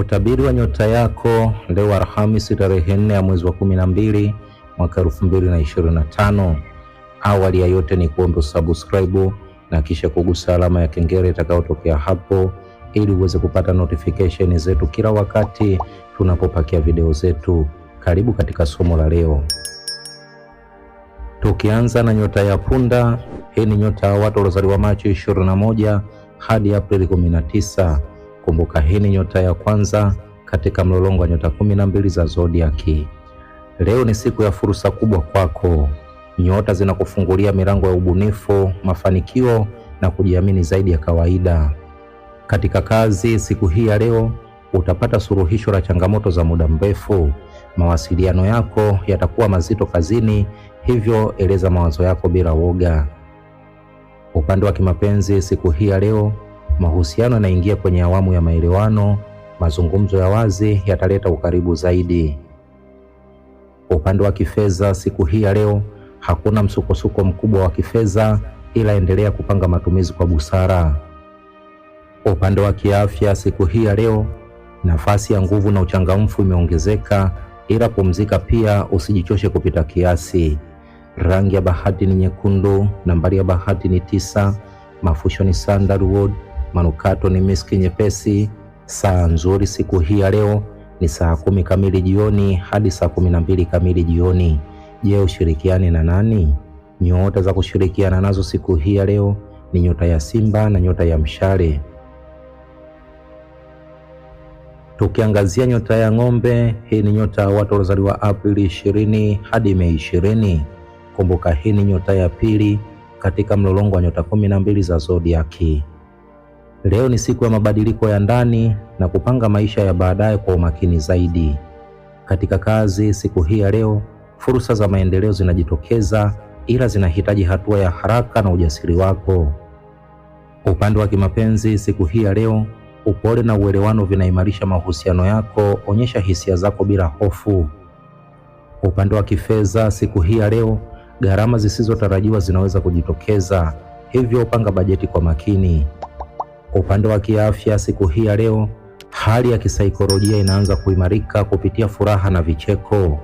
utabiri wa nyota yako leo Alhamisi tarehe nne ya mwezi wa kumi na mbili mwaka elfu mbili na ishirini na tano. Awali ya yote ni kuomba subscribe na kisha kugusa alama ya kengele itakayotokea hapo ili uweze kupata notification zetu kila wakati tunapopakia video zetu. Karibu katika somo la leo, tukianza na nyota ya punda. Hii ni nyota ya watu waliozaliwa Machi 21 hadi Aprili 19. Kumbuka hii ni nyota ya kwanza katika mlolongo wa nyota kumi na mbili za zodiaki. Leo ni siku ya fursa kubwa kwako. Nyota zinakufungulia milango ya ubunifu, mafanikio na kujiamini zaidi ya kawaida. Katika kazi, siku hii ya leo utapata suluhisho la changamoto za muda mrefu. Mawasiliano yako yatakuwa mazito kazini, hivyo eleza mawazo yako bila woga. Upande wa kimapenzi, siku hii ya leo mahusiano yanaingia kwenye awamu ya maelewano. Mazungumzo ya wazi yataleta ukaribu zaidi. Upande wa kifedha, siku hii ya leo hakuna msukosuko mkubwa wa kifedha, ila endelea kupanga matumizi kwa busara. Upande wa kiafya, siku hii ya leo, nafasi ya nguvu na uchangamfu imeongezeka, ila pumzika pia, usijichoshe kupita kiasi. Rangi ya bahati ni nyekundu. Nambari ya bahati ni tisa. Mafusho ni sandalwood. Manukato ni miski nyepesi. Saa nzuri siku hii ya leo ni saa kumi kamili jioni hadi saa kumi na mbili kamili jioni. Je, ushirikiane na nani? Nyota za kushirikiana nazo siku hii ya leo ni nyota ya Simba na nyota ya Mshale. Tukiangazia nyota ya Ng'ombe, hii ni nyota ya watu waliozaliwa Aprili ishirini hadi Mei ishirini. Kumbuka, hii ni nyota ya pili katika mlolongo wa nyota kumi na mbili za zodiaki. Leo ni siku ya mabadiliko ya ndani na kupanga maisha ya baadaye kwa umakini zaidi. Katika kazi, siku hii ya leo, fursa za maendeleo zinajitokeza, ila zinahitaji hatua ya haraka na ujasiri wako. Upande wa kimapenzi, siku hii ya leo, upole na uelewano vinaimarisha mahusiano yako. Onyesha hisia zako bila hofu. Upande wa kifedha, siku hii ya leo, gharama zisizotarajiwa zinaweza kujitokeza, hivyo upanga bajeti kwa makini upande wa kiafya, siku hii ya leo, hali ya kisaikolojia inaanza kuimarika kupitia furaha na vicheko.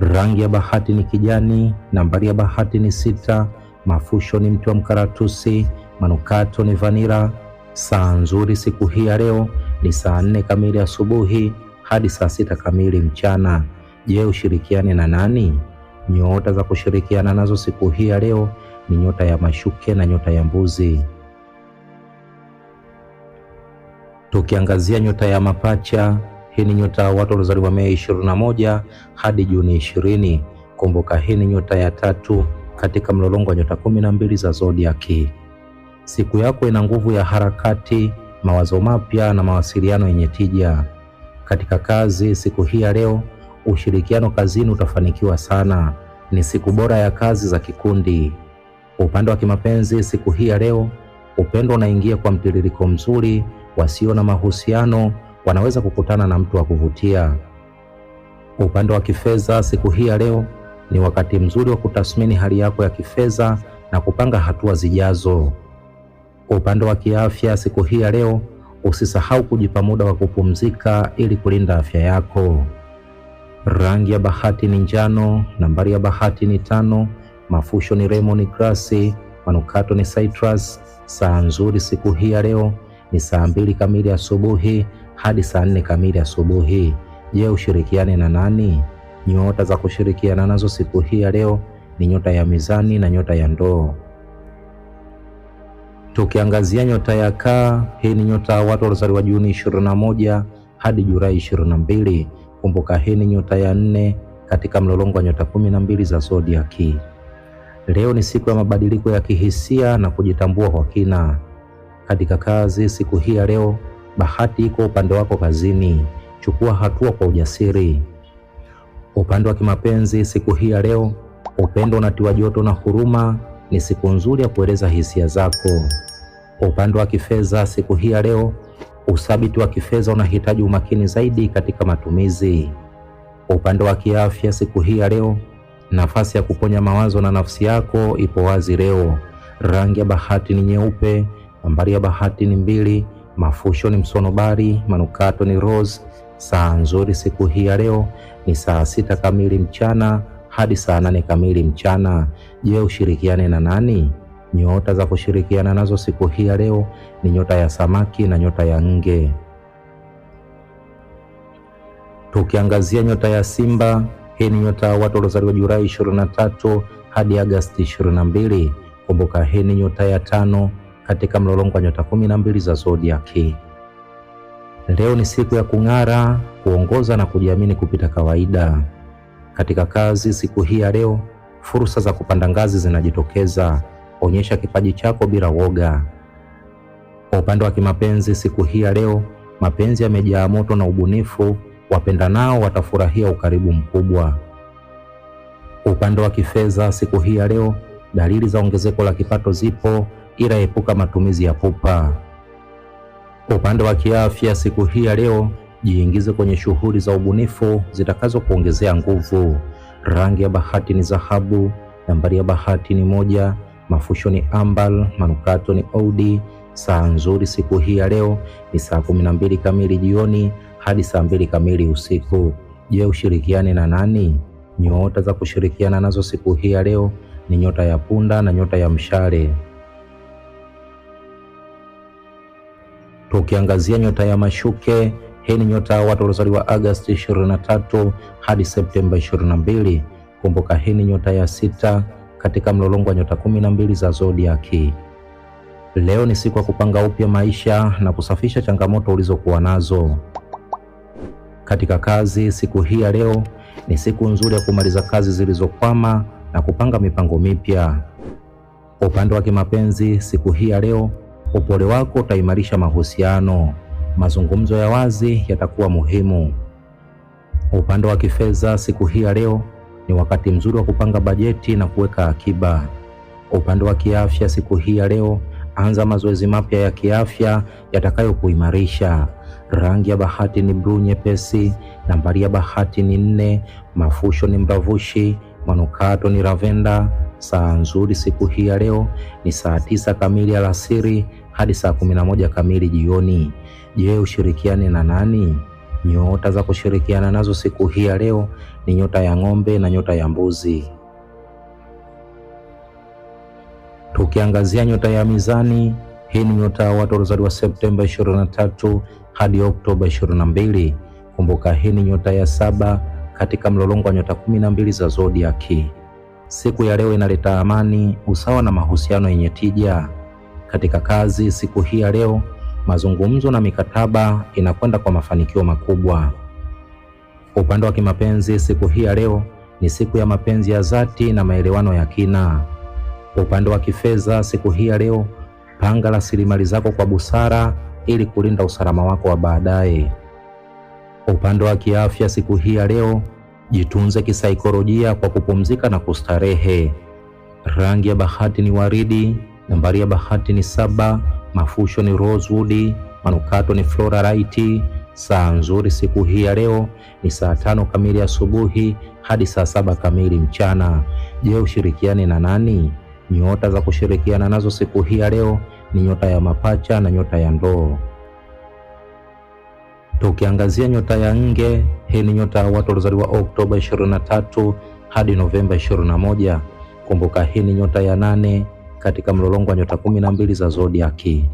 Rangi ya bahati ni kijani, nambari ya bahati ni sita, mafusho ni mti wa mkaratusi, manukato ni vanira. Saa nzuri siku hii ya leo ni saa nne kamili asubuhi hadi saa sita kamili mchana. Je, ushirikiane na nani? Nyota za kushirikiana nazo siku hii ya leo ni nyota ya mashuke na nyota ya mbuzi. tukiangazia nyota ya mapacha. Hii ni nyota ya watu waliozaliwa Mei 21 hadi Juni 20. Kumbuka hii ni nyota ya tatu katika mlolongo wa nyota kumi na mbili za zodiaki. Siku yako ina nguvu ya harakati, mawazo mapya na mawasiliano yenye tija. Katika kazi siku hii ya leo, ushirikiano kazini utafanikiwa sana. Ni siku bora ya kazi za kikundi. Upande wa kimapenzi siku hii ya leo, upendo unaingia kwa mtiririko mzuri wasio na mahusiano wanaweza kukutana na mtu wa kuvutia. Upande wa kifedha, siku hii ya leo ni wakati mzuri wa kutathmini hali yako ya kifedha na kupanga hatua zijazo. Upande wa kiafya, siku hii ya leo, usisahau kujipa muda wa kupumzika ili kulinda afya yako. Rangi ya bahati ni njano. Nambari ya bahati ni tano. Mafusho ni lemon grass. Manukato ni citrus. Saa nzuri siku hii ya leo ni saa mbili kamili asubuhi hadi saa nne kamili asubuhi. Je, ushirikiane na nani? Nyota za kushirikiana nazo siku hii ya leo ni nyota ya mizani na nyota ya ndoo. Tukiangazia nyota ya kaa, hii ni nyota ya watu waliozaliwa Juni 21 hadi Julai 22. Kumbuka hii ni nyota ya nne katika mlolongo wa nyota kumi na mbili za zodiaki. Leo ni siku ya mabadiliko ya kihisia na kujitambua kwa kina katika kazi siku hii ya leo. Bahati iko upande wako kazini, chukua hatua kwa ujasiri. Upande wa kimapenzi siku hii ya leo, upendo unatiwa joto na huruma, ni siku nzuri ya kueleza hisia zako. Upande wa kifedha siku hii ya leo, uthabiti wa kifedha unahitaji umakini zaidi katika matumizi. Upande wa kiafya siku hii ya leo, nafasi ya kuponya mawazo na nafsi yako ipo wazi leo. Rangi ya bahati ni nyeupe nambari ya bahati ni mbili, mafusho ni msonobari, manukato ni rose. Saa nzuri siku hii ya leo ni saa sita kamili mchana hadi saa nane kamili mchana. Je, ushirikiane na nani? Nyota za kushirikiana nazo siku hii ya leo ni nyota ya samaki na nyota ya nge. Tukiangazia nyota ya Simba, hii ni nyota ya watu waliozaliwa Julai 23 hadi Agasti 22. Kumbuka, hii ni nyota ya tano katika mlolongo wa nyota kumi na mbili za zodiaki. Leo ni siku ya kung'ara, kuongoza na kujiamini kupita kawaida. Katika kazi siku hii ya leo, fursa za kupanda ngazi zinajitokeza. Onyesha kipaji chako bila woga. Kwa upande wa kimapenzi siku hii ya leo, mapenzi yamejaa moto na ubunifu. wapenda nao watafurahia ukaribu mkubwa. Upande wa kifedha siku hii ya leo, dalili za ongezeko la kipato zipo ila epuka matumizi ya pupa. Kwa upande wa kiafya, siku hii ya leo, jiingize kwenye shughuli za ubunifu zitakazokuongezea nguvu. Rangi ya bahati ni dhahabu, nambari ya bahati ni moja, mafusho ni ambal, manukato ni oudi. Saa nzuri siku hii ya leo ni saa kumi na mbili kamili jioni hadi saa mbili kamili usiku. Je, ushirikiane na nani? Nyota za kushirikiana nazo siku hii ya leo ni nyota ya punda na nyota ya mshale. tukiangazia nyota ya mashuke. Hii ni nyota ya watu waliozaliwa Agosti 23 hadi Septemba 22. Kumbuka hii ni nyota ya sita katika mlolongo wa nyota 12 za zodiaki. Leo ni siku ya kupanga upya maisha na kusafisha changamoto ulizokuwa nazo katika kazi. Siku hii ya leo ni siku nzuri ya kumaliza kazi zilizokwama na kupanga mipango mipya. Upande wa kimapenzi, siku hii ya leo Upole wako utaimarisha mahusiano. Mazungumzo ya wazi yatakuwa muhimu. Upande wa kifedha siku hii ya leo ni wakati mzuri wa kupanga bajeti na kuweka akiba. Upande wa kiafya siku hii ya leo, anza mazoezi mapya ya kiafya yatakayokuimarisha. Rangi ya bahati ni bluu nyepesi. Nambari ya bahati ni nne. Mafusho ni mravushi. Manukato ni ravenda. Saa nzuri siku hii ya leo ni saa tisa kamili alasiri hadi saa kumi na moja kamili jioni. Je, ushirikiane na nani? Nyota za kushirikiana nazo siku hii ya leo ni nyota ya ng'ombe na nyota ya mbuzi. Tukiangazia nyota ya Mizani, hii ni nyota ya watu waliozaliwa Septemba 23 hadi Oktoba 22. Kumbuka, hii ni nyota ya saba katika mlolongo wa nyota kumi na mbili za zodiaki. Siku ya leo inaleta amani, usawa na mahusiano yenye tija katika kazi siku hii ya leo, mazungumzo na mikataba inakwenda kwa mafanikio makubwa. Upande wa kimapenzi siku hii ya leo ni siku ya mapenzi ya dhati na maelewano ya kina. Upande wa kifedha siku hii ya leo, panga rasilimali zako kwa busara ili kulinda usalama wako wa baadaye. Upande wa kiafya siku hii ya leo, jitunze kisaikolojia kwa kupumzika na kustarehe. Rangi ya bahati ni waridi. Nambari ya bahati ni saba. Mafusho ni rosewood, manukato ni flora raiti. Saa nzuri siku hii ya leo ni saa tano kamili asubuhi hadi saa saba kamili mchana. Je, ushirikiane na nani? Nyota za kushirikiana nazo siku hii ya leo ni nyota ya mapacha na nyota ya ndoo. Tukiangazia nyota ya nge, hii ni nyota ya watu waliozaliwa Oktoba 23 hadi Novemba 21. Kumbuka hii ni nyota ya nane katika mlolongo wa nyota kumi na mbili za zodiaki.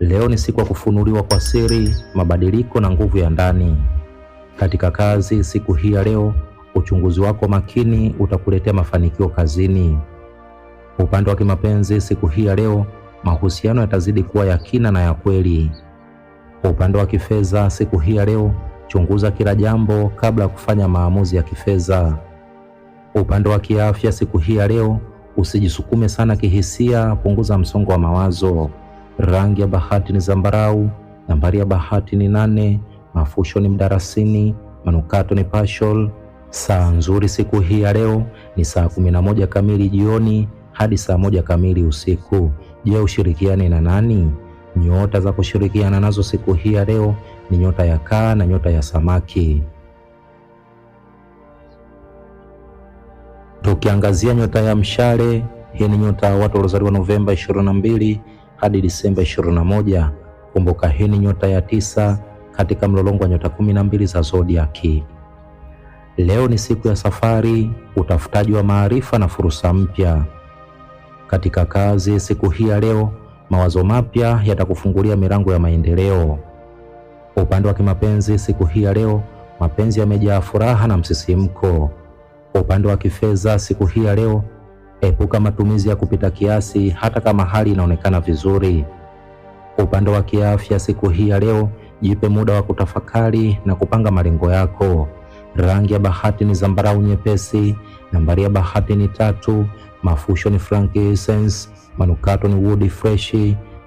Leo ni siku ya kufunuliwa kwa siri, mabadiliko na nguvu ya ndani. Katika kazi siku hii ya leo, uchunguzi wako makini utakuletea mafanikio kazini. Upande wa kimapenzi siku hii ya leo, mahusiano yatazidi kuwa ya kina na ya kweli. Upande wa kifedha siku hii ya leo, chunguza kila jambo kabla ya kufanya maamuzi ya kifedha. Upande wa kiafya siku hii ya leo, Usijisukume sana kihisia, punguza msongo wa mawazo. Rangi ya bahati ni zambarau. Nambari ya bahati ni nane. Mafusho ni mdarasini. Manukato ni pashol. Saa nzuri siku hii ya leo ni saa kumi na moja kamili jioni hadi saa moja kamili usiku. Je, ushirikiane na nani? Nyota za kushirikiana nazo siku hii ya leo ni nyota ya kaa na nyota ya samaki. Tukiangazia nyota ya mshale, hii ni nyota ya watu waliozaliwa Novemba 22 hadi Disemba 21. Kumbuka hii ni nyota ya tisa katika mlolongo wa nyota 12 za zodiaki. Leo ni siku ya safari, utafutaji wa maarifa na fursa mpya katika kazi. Siku hii ya leo, mawazo mapya yatakufungulia milango ya maendeleo. Upande wa kimapenzi, siku hii ya leo, mapenzi yamejaa furaha na msisimko. Kwa upande wa kifedha siku hii ya leo, epuka matumizi ya kupita kiasi hata kama hali inaonekana vizuri. Kwa upande wa kiafya siku hii ya leo, jipe muda wa kutafakari na kupanga malengo yako. Rangi ya bahati ni zambarau nyepesi. Nambari ya bahati ni tatu. Mafusho ni frankincense. Manukato ni wood fresh.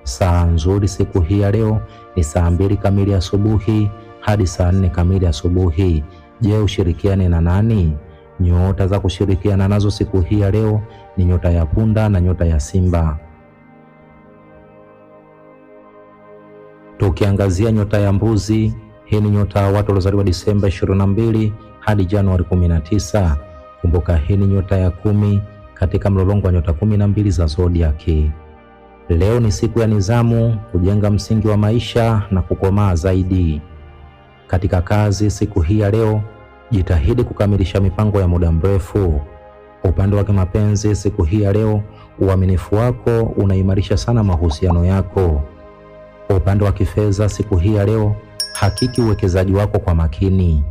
Saa nzuri siku hii ya leo ni saa mbili kamili asubuhi hadi saa nne kamili asubuhi. Je, ushirikiane na nani? Nyota za kushirikiana nazo siku hii ya leo ni nyota ya punda na nyota ya simba. Tukiangazia nyota ya mbuzi, hii ni nyota ya watu waliozaliwa Disemba 22 hadi Januari 19. Kumbuka hii ni nyota ya kumi katika mlolongo wa nyota kumi na mbili za zodiaki. Leo ni siku ya nizamu, kujenga msingi wa maisha na kukomaa zaidi katika kazi. Siku hii ya leo Jitahidi kukamilisha mipango ya muda mrefu. Upande wa kimapenzi siku hii ya leo, uaminifu wako unaimarisha sana mahusiano yako. Upande wa kifedha siku hii ya leo, hakiki uwekezaji wako kwa makini.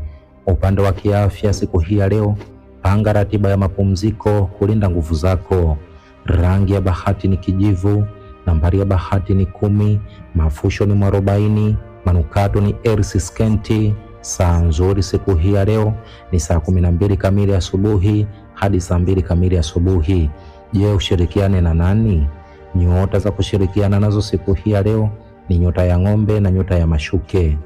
Upande wa kiafya siku hii ya leo, panga ratiba ya mapumziko kulinda nguvu zako. Rangi ya bahati ni kijivu. Nambari ya bahati ni kumi. Mafusho ni mwarobaini. Manukato ni skenti. Saa nzuri siku hii ya leo ni saa kumi na mbili kamili asubuhi hadi saa mbili kamili asubuhi. Je, ushirikiane na nani? Nyota za kushirikiana nazo siku hii ya leo ni nyota ya ng'ombe na nyota ya mashuke.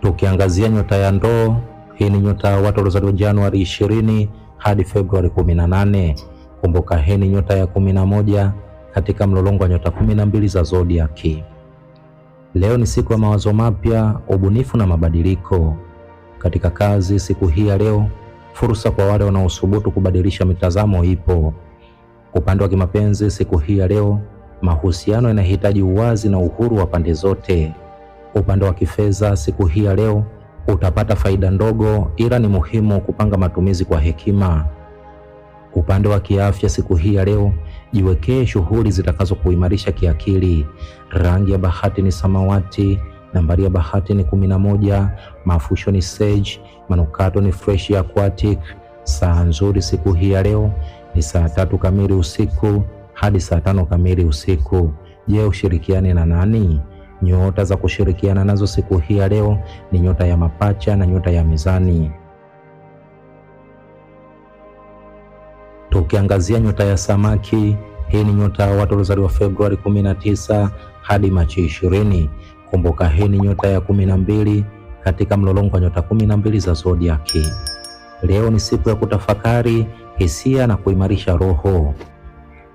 Tukiangazia nyota ya ndoo, hii ni nyota ya watu waliozaliwa Januari ishirini hadi Februari kumi na nane. Kumbuka hii ni nyota ya kumi na moja katika mlolongo wa nyota kumi na mbili za zodiaki. Leo ni siku ya mawazo mapya, ubunifu na mabadiliko katika kazi. Siku hii ya leo, fursa kwa wale wanaothubutu kubadilisha mitazamo ipo. Upande wa kimapenzi, siku hii ya leo, mahusiano yanahitaji uwazi na uhuru wa pande zote. Upande wa kifedha, siku hii ya leo, utapata faida ndogo, ila ni muhimu kupanga matumizi kwa hekima. Upande wa kiafya, siku hii ya leo Jiwekee shughuli zitakazo kuimarisha kiakili. Rangi ya bahati ni samawati, nambari ya bahati ni kumi na moja, mafusho ni sage, manukato ni fresh aquatic. Saa nzuri siku hii ya leo ni saa tatu kamili usiku hadi saa tano kamili usiku. Je, ushirikiane na nani? Nyota za kushirikiana nazo siku hii ya leo ni nyota ya mapacha na nyota ya mizani. tukiangazia nyota ya samaki. Hii ni nyota ya watu waliozaliwa Februari 19 hadi Machi 20. Kumbuka hii ni nyota ya 12 katika mlolongo wa nyota 12 za zodiaki. Leo ni siku ya kutafakari hisia na kuimarisha roho.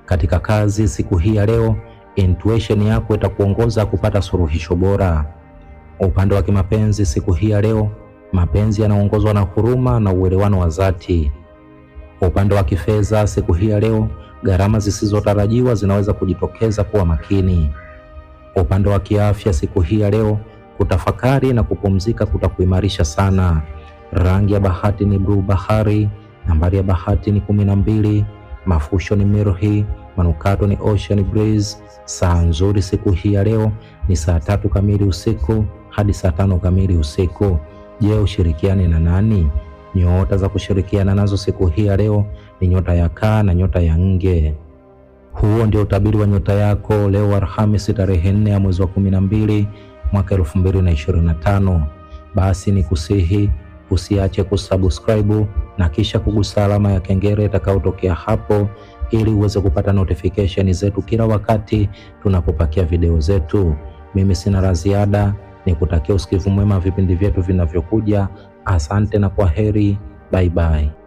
Katika kazi siku hii ya leo, intuition yako itakuongoza kupata suluhisho bora. Upande wa kimapenzi siku hii ya leo, mapenzi yanaongozwa na huruma na uelewano wa dhati. Kwa upande wa kifedha, siku hii ya leo, gharama zisizotarajiwa zinaweza kujitokeza, kuwa makini. Kwa upande wa kiafya, siku hii ya leo, kutafakari na kupumzika kutakuimarisha sana. Rangi ya bahati ni bluu bahari. Nambari ya bahati ni kumi na mbili. Mafusho ni mirhi. Manukato ni ocean breeze. Saa nzuri siku hii ya leo ni saa tatu kamili usiku hadi saa tano kamili usiku. Je, ushirikiane na nani? Nyota za kushirikiana nazo siku hii ya leo ni nyota ya kaa na nyota ya nge. Huo ndio utabiri wa nyota yako leo Alhamisi tarehe nne ya mwezi wa 12 mwaka 2025. Basi ni kusihi usiache kusubscribe na kisha kugusa alama ya kengele itakayotokea hapo ili uweze kupata notification zetu kila wakati tunapopakia video zetu. Mimi sina la ziada, nikutakia usikivu mwema vipindi vyetu vinavyokuja. Asante na kwa heri, bye bye.